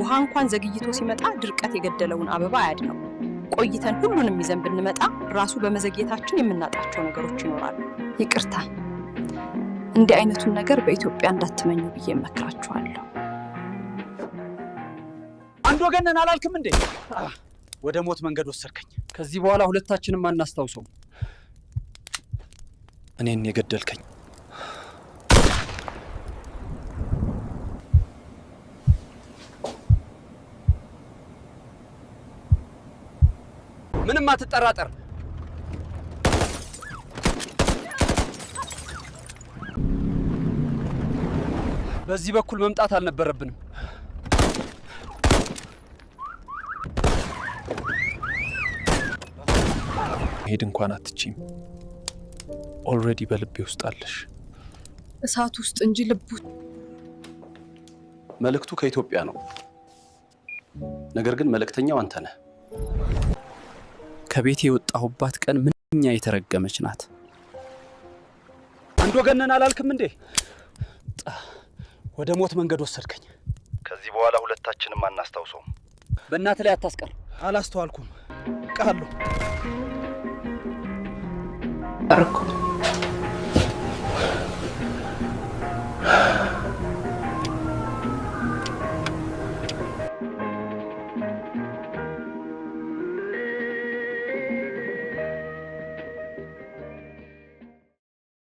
ውሃ እንኳን ዘግይቶ ሲመጣ ድርቀት የገደለውን አበባ አያድነው። ቆይተን ሁሉንም ይዘን ብንመጣ ራሱ በመዘግየታችን የምናጣቸው ነገሮች ይኖራሉ። ይቅርታ፣ እንዲህ አይነቱን ነገር በኢትዮጵያ እንዳትመኙ ብዬ እመክራችኋለሁ። አንድ ወገንን አላልክም እንዴ? ወደ ሞት መንገድ ወሰድከኝ። ከዚህ በኋላ ሁለታችንም አናስታውሰው እኔን የገደልከኝ ምንም አትጠራጠር። በዚህ በኩል መምጣት አልነበረብንም። መሄድ እንኳን አትችም። ኦልሬዲ በልቤ ውስጥ አለሽ። እሳት ውስጥ እንጂ ልቡ። መልእክቱ ከኢትዮጵያ ነው፣ ነገር ግን መልእክተኛው አንተ ነህ። ከቤት የወጣሁባት ቀን ምንኛ የተረገመች ናት። አንድ ወገነን አላልክም እንዴ? ወደ ሞት መንገድ ወሰድከኝ። ከዚህ በኋላ ሁለታችንም አናስታውሰውም። በእናት ላይ አታስቀር። አላስተዋልኩም ቃሉ